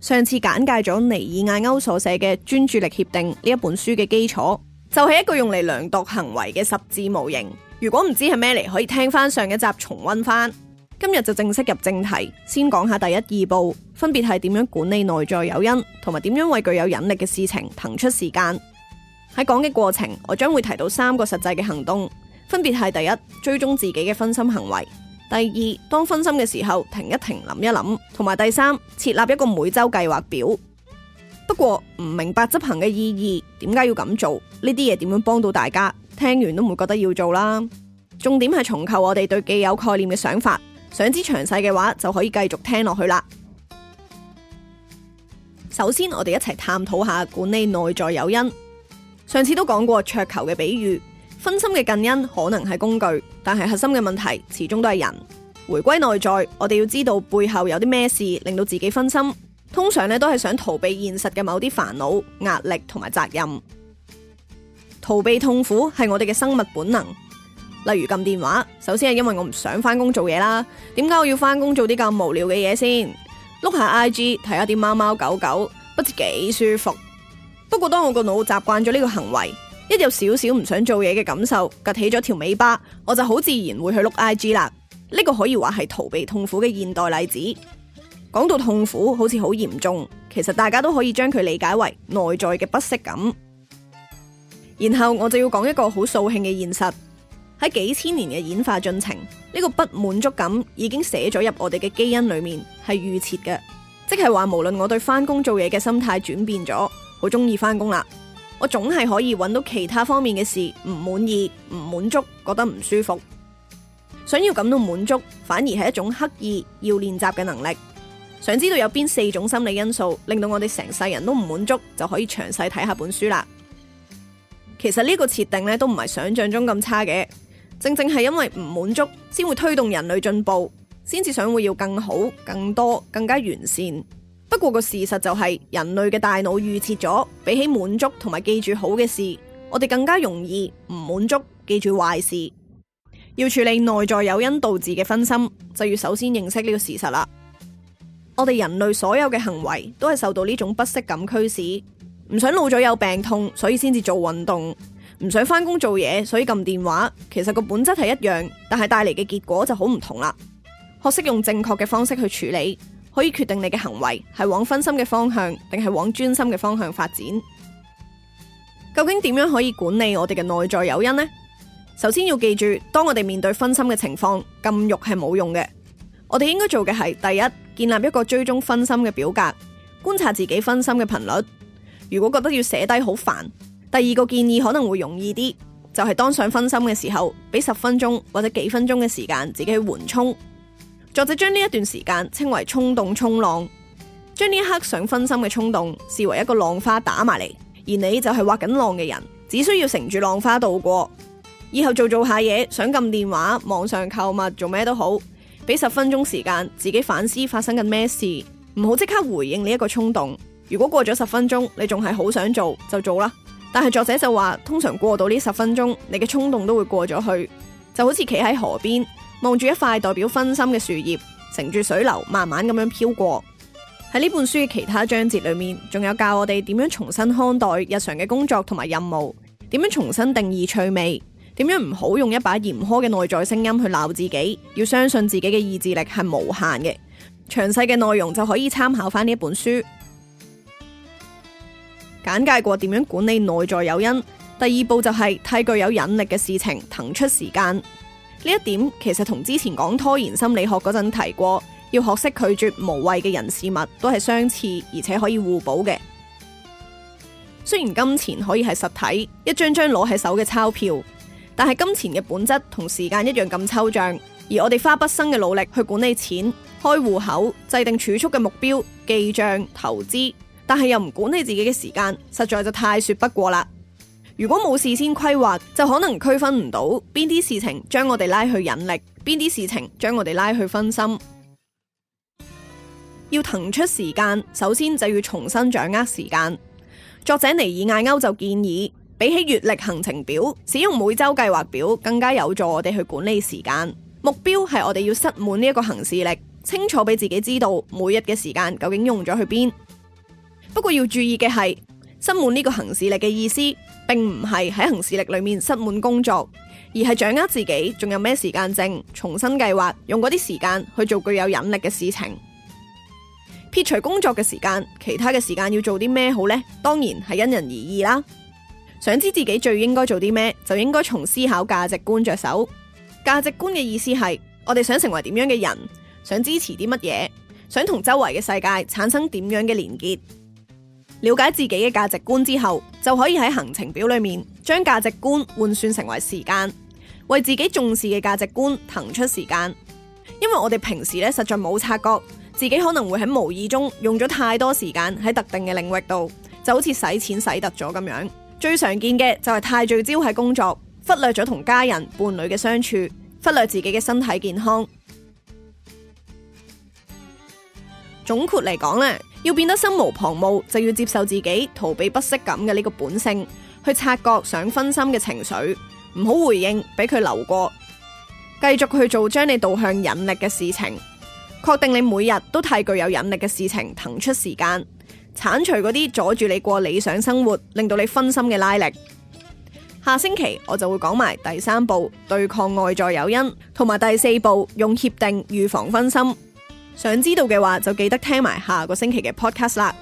上次簡介咗尼爾艾歐所寫嘅《專注力協定》呢一本書嘅基礎，就係一個用嚟量度行為嘅十字模型。如果唔知係咩嚟，可以聽翻上一集重溫翻。今日就正式入正題，先講下第一二步，分別係點樣管理內在誘因，同埋點樣為具有引力嘅事情騰出時間。喺講嘅過程，我將會提到三個實際嘅行動，分別係第一，追蹤自己嘅分心行為。第二，當分心嘅時候，停一停，諗一諗，同埋第三，設立一個每周計劃表。不過唔明白執行嘅意義，點解要咁做？呢啲嘢點樣幫到大家？聽完都唔會覺得要做啦。重點係重構我哋對既有概念嘅想法。想知詳細嘅話，就可以繼續聽落去啦。首先，我哋一齊探討下管理內在誘因。上次都講過桌球嘅比喻。分心嘅近因可能係工具，但係核心嘅問題始終都係人。回歸內在，我哋要知道背後有啲咩事令到自己分心。通常咧都係想逃避現實嘅某啲煩惱、壓力同埋責任。逃避痛苦係我哋嘅生物本能。例如撳電話，首先係因為我唔想翻工做嘢啦。點解我要翻工做啲咁無聊嘅嘢先？碌下 IG，睇下啲貓貓狗狗，不知幾舒服。不過當我個腦習慣咗呢個行為。一有少少唔想做嘢嘅感受，趷起咗條尾巴，我就好自然會去碌 I G 啦。呢個可以話係逃避痛苦嘅現代例子。講到痛苦，好似好嚴重，其實大家都可以將佢理解為內在嘅不適感。然後我就要講一個好掃興嘅現實：喺幾千年嘅演化進程，呢個不滿足感已經寫咗入我哋嘅基因裏面，係預設嘅，即係話無論我對翻工做嘢嘅心態轉變咗，好中意翻工啦。我總係可以搵到其他方面嘅事，唔滿意、唔滿足、覺得唔舒服。想要感到滿足，反而係一種刻意要練習嘅能力。想知道有邊四種心理因素令到我哋成世人都唔滿足，就可以詳細睇下本書啦。其實呢個設定呢都唔係想象中咁差嘅，正正係因為唔滿足，先會推動人類進步，先至想會要更好、更多、更加完善。不過個事實就係、是，人類嘅大腦預設咗，比起滿足同埋記住好嘅事，我哋更加容易唔滿足，記住壞事。要處理內在誘因導致嘅分心，就要首先認識呢個事實啦。我哋人類所有嘅行為都係受到呢種不適感驅使，唔想老咗有病痛，所以先至做運動；唔想翻工，做嘢，所以撳電話。其實個本質係一樣，但係帶嚟嘅結果就好唔同啦。學識用正確嘅方式去處理。可以決定你嘅行為係往分心嘅方向，定係往專心嘅方向發展。究竟點樣可以管理我哋嘅內在誘因呢？首先要記住，當我哋面對分心嘅情況，禁欲係冇用嘅。我哋應該做嘅係：第一，建立一個追蹤分心嘅表格，觀察自己分心嘅頻率。如果覺得要寫低好煩，第二個建議可能會容易啲，就係、是，當想分心嘅時候，俾十分鐘或者幾分鐘嘅時間自己去緩沖。作者將呢一段時間稱為衝動衝浪，將呢一刻想分心嘅衝動視為一個浪花打埋嚟，而你就係滑緊浪嘅人，只需要乘住浪花度過。以後做做下嘢，想撳電話、網上購物做咩都好，俾十分鐘時間自己反思發生緊咩事，唔好即刻回應呢一個衝動。如果過咗十分鐘，你仲係好想做就做啦。但係作者就話，通常過到呢十分鐘，你嘅衝動都會過咗去，就好似企喺河邊，望住一塊代表分心嘅樹葉，乘住水流慢慢咁樣飄過。喺呢本書嘅其他章節裏面，仲有教我哋點樣重新看待日常嘅工作同埋任務，點樣重新定義趣味，點樣唔好用一把嚴苛嘅內在聲音去鬧自己，要相信自己嘅意志力係無限嘅。詳細嘅內容就可以參考翻。呢一本書簡介過點樣管理內在誘因，第二步就係、是、替具有引力嘅事情，騰出時間。呢一點其實同之前講拖延心理學嗰陣提過，要學識拒絕無謂嘅人事物，都係相似，而且可以互補嘅。雖然金錢可以係實體，一張張攞喺手嘅鈔票，但係金錢嘅本質同時間一樣咁抽象，而我哋花畢生嘅努力去管理錢、開戶口、制定儲蓄嘅目標、記賬、投資，但係又唔管理自己嘅時間，實在就太說不過啦。如果冇事先規劃，就可能區分唔到邊啲事情將我哋拉去引力，邊啲事情將我哋拉去分心。要騰出時間，首先就要重新掌握時間。作者尼爾艾歐就建議，比起月曆行程表，使用每周計劃表更加有助我哋去管理時間。目標係我哋要塞滿呢一個行事曆，清楚俾自己知道每日嘅時間究竟用咗去邊。不過要注意嘅係。塞滿呢個行事力嘅意思，並唔係喺行事力裏面塞滿工作，而係掌握自己，仲有咩時間剩，重新計劃，用嗰啲時間去做具有引力嘅事情。撇除工作嘅時間，其他嘅時間要做啲咩好呢？當然係因人而異啦。想知自己最應該做啲咩，就應該從思考價值觀着手。價值觀嘅意思係，我哋想成為點樣嘅人，想支持啲乜嘢，想同周圍嘅世界產生點樣嘅連結。了解自己嘅價值觀之後，就可以喺行程表裏面將價值觀換算成為時間，為自己重視嘅價值觀騰出時間。因為我哋平時咧實在冇察覺自己可能會喺無意中用咗太多時間喺特定嘅領域度，就好似使錢使突咗咁樣。最常見嘅就係太聚焦喺工作，忽略咗同家人、伴侶嘅相處，忽略自己嘅身體健康。總括嚟講咧，要變得心無旁騖，就要接受自己逃避不適感嘅呢個本性，去察覺想分心嘅情緒，唔好回應，俾佢流過，繼續去做將你導向引力嘅事情，確定你每日都太具有引力嘅事情，騰出時間，鏟除嗰啲阻住你過理想生活，令到你分心嘅拉力。下星期我就會講埋第三步對抗外在誘因，同埋第四步用協定預防分心。想知道嘅話，就記得聽埋下個星期嘅 podcast 啦。